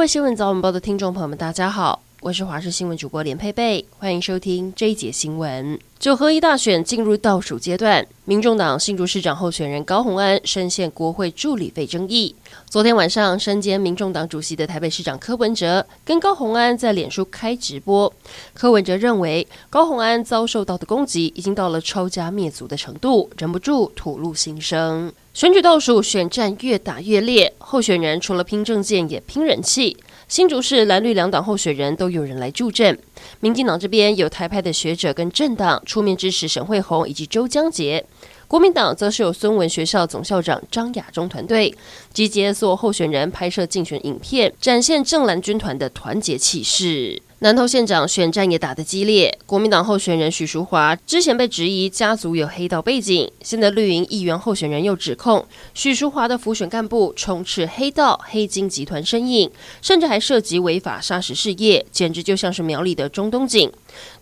各位新聞早晚報的聽眾朋友們，大家好，我是華視新聞主播連佩佩，歡迎收聽這一節新聞。九合一大選進入倒數階段，民眾黨新竹市長候選人高虹安身陷國會助理費爭議。昨天晚上，身兼民眾黨主席的台北市長柯文哲跟高虹安在臉書開直播，柯文哲認為高虹安遭受到的攻擊已經到了抄家滅族的程度，忍不住吐露心聲。選舉倒數，選戰越打越烈，候選人除了拼政見，也拼人氣。新竹市藍綠兩黨候選人都有人來助陣。民進黨這邊有台派的學者跟政黨出面支持沈慧虹以及周江杰，國民黨則是有孫文學校總校長張亞中團隊集結，做候選人拍攝競選影片，展現正藍軍團的團結氣勢。南投縣長選戰也打得激烈，國民黨候選人許淑華之前被質疑家族有黑道背景，現在綠營議員候選人又指控許淑華的輔選幹部充斥黑道黑金集團身影，甚至還涉及違法砂石事業，簡直就像是苗栗的中東警。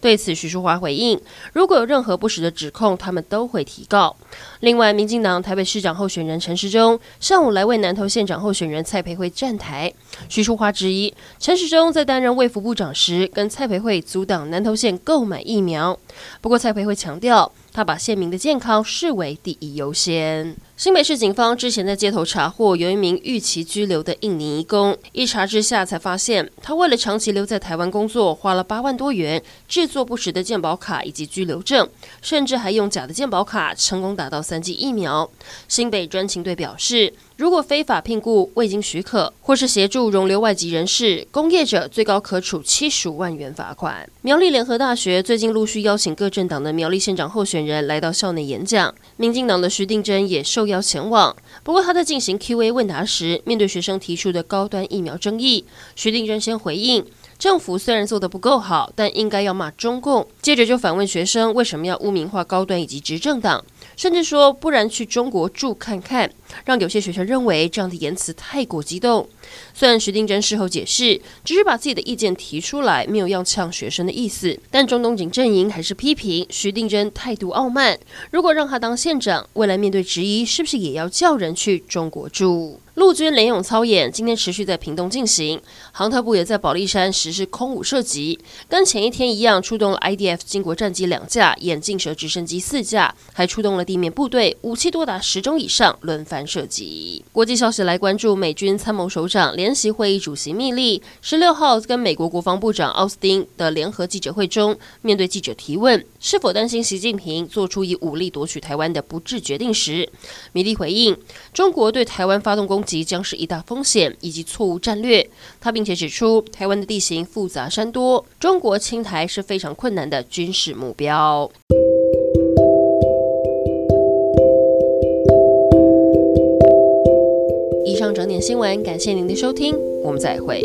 對此，徐淑華回應：“如果有任何不實的指控，他們都會提告。”另外，民進黨台北市長候選人陳時中上午來為南投縣長候選人蔡培慧站台。徐淑華質疑，陳時中在擔任衛福部長時，跟蔡培慧阻擋南投縣購買疫苗。不過蔡培慧強調，他把縣民的健康視為第一優先。新北市警方之前在街頭查獲由一名逾期居留的印尼移工，一查之下才發現，他為了長期留在台灣工作，花了八萬多元制作不實的健保卡以及居留證，甚至還用假的健保卡成功打到三劑疫苗。新北專勤隊表示，如果非法聘僱未經許可，或是協助容留外籍人士，工業者最高可處七十五萬元罰款。苗栗聯合大學最近陸續邀請各政黨的苗栗縣長候選人來到校內演講，民進黨的徐定禎也受邀前往。不過他在進行 Q&A 問答時，面對學生提出的高端疫苗爭議，徐定禎先回應：“政府雖然做得不夠好，但應該要罵中共。”接着就反問學生：“為什麼要污名化高端以及執政黨？”甚至說：“不然去中國住看看。”讓有些學生認為這樣的言辭太過激動。雖然徐定禎事後解釋，只是把自己的意見提出來，沒有要嗆學生的意思，但鍾東錦陣營還是批評徐定禎態度傲慢。如果讓他當縣長，未來面對質疑，是不是也要叫人去中國住？陸軍聯勇操演今天持續在屏東進行，航特部也在保力山實施空武射擊，跟前一天一樣，出動了 IDF 經國戰機兩架，眼鏡蛇直升機四架，還出動了地面部隊，武器多達十種以上，輪番。涉及國際消息來關注，美軍參謀首長聯席會議主席米利十六號跟美國國防部長奧斯汀的聯合記者會中，面對記者提問是否擔心習近平做出以武力奪取台灣的不智決定時，米利回應：“中國對台灣發動攻擊將是一大風險以及錯誤戰略。”他並且指出，台灣的地形複雜山多，中國侵台是非常困難的軍事目標。整點新聞，感謝您的收聽，我們再會。